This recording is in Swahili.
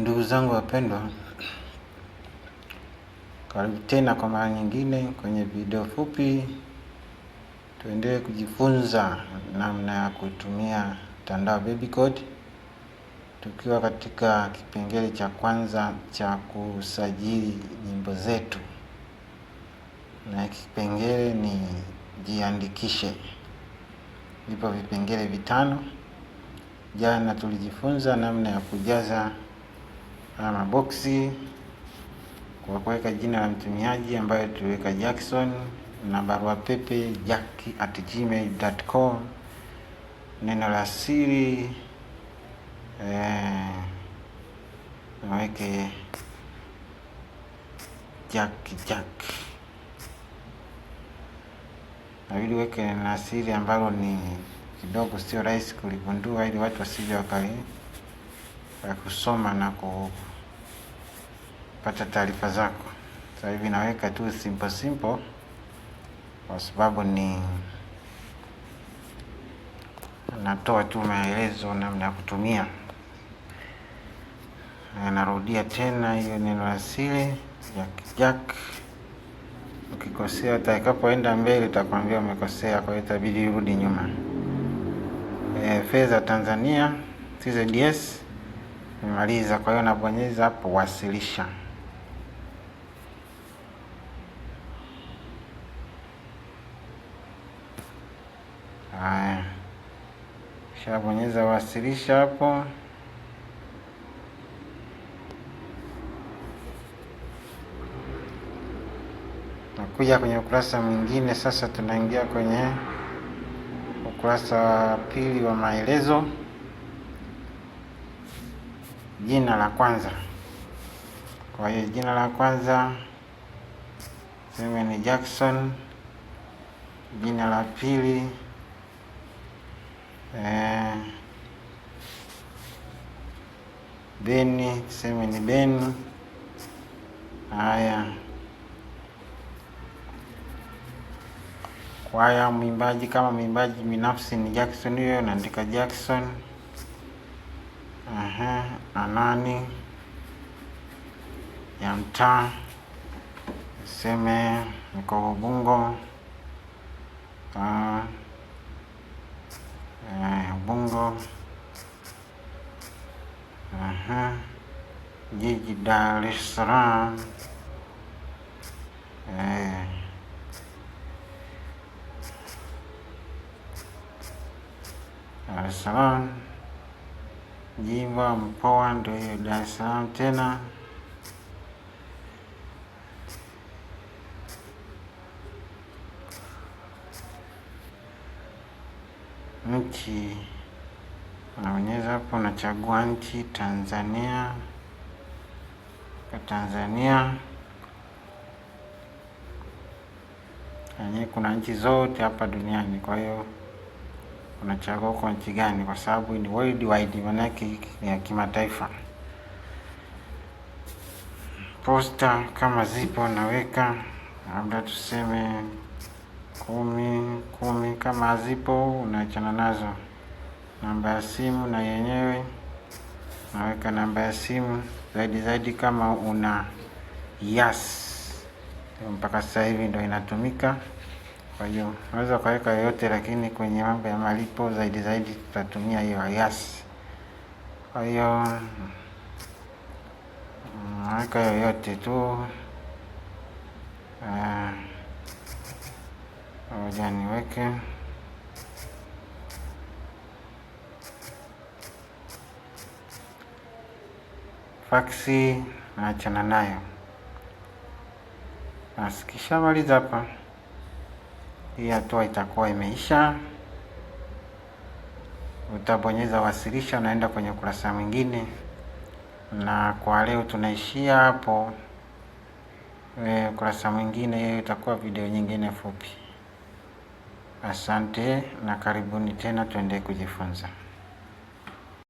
Ndugu zangu wapendwa, karibu tena kwa mara nyingine kwenye video fupi. Tuendelee kujifunza namna ya kutumia mtandao Code, tukiwa katika kipengele cha kwanza cha kusajili nyimbo zetu, na kipengele ni jiandikishe. Vipo vipengele vitano. Jana tulijifunza namna ya kujaza haya maboksi kwa kuweka jina la mtumiaji ambayo tuliweka Jackson na barua pepe jacki at gmail.com, neno la siri eh, naweke eh, jack jack nabidi weke neno la siri ambalo ni kidogo sio rahisi kuligundua, ili watu wasije wakali kusoma na ku pata taarifa zako. Sasa hivi naweka tu simple simple kwa sababu ni natoa tu maelezo namna ya kutumia. Narudia tena hiyo neno la siri Jack Jack. Ukikosea utakapoenda mbele utakwambia umekosea, kwa hiyo itabidi urudi nyuma. E, fedha Tanzania TZS nimaliza, kwa hiyo nabonyeza hapo wasilisha. Haya, shabonyeza wasilisha hapo. Nakuja kwenye ukurasa mwingine sasa, tunaingia kwenye ukurasa wa pili wa maelezo. Jina la kwanza, kwa hiyo jina la kwanza seme ni Jackson. Jina la pili Eh. Beni, tuseme ni Beni. Haya, kwaya mwimbaji, kama mwimbaji binafsi ni Jackson, hiyo naandika Jackson. Aha, anani ya mtaa tuseme niko Ubungo. Ah. Ubungo, mm, jiji Dar es Salaam. Eh, Dar es Salaam, jimbo Mpoa, ndio Dar es Salaam tena. nchi naonyesha hapo, nachagua nchi Tanzania ka Tanzania yenyewe, yaani kuna nchi zote hapa duniani. Kwa hiyo unachagua kwa nchi gani, kwa sababu ni worldwide, yake ni ya kimataifa. Posta kama zipo naweka, labda tuseme kumi kumi, kama hazipo unaachana nazo. Namba ya simu na yenyewe naweka namba ya simu zaidi zaidi, kama una yas mpaka sasa hivi ndo inatumika. Kwa hiyo unaweza ukaweka yoyote, lakini kwenye mambo ya malipo zaidi zaidi tutatumia hiyo yas. Kwa hiyo mm, naweka yoyote tu uh, moja, niweke faksi, naachana nayo. Basi kishamaliza hapa, hii hatua itakuwa imeisha. Utabonyeza wasilisha, unaenda kwenye ukurasa mwingine, na kwa leo tunaishia hapo. Eh, ukurasa mwingine itakuwa video nyingine fupi. Asante na karibuni tena, tuende kujifunza.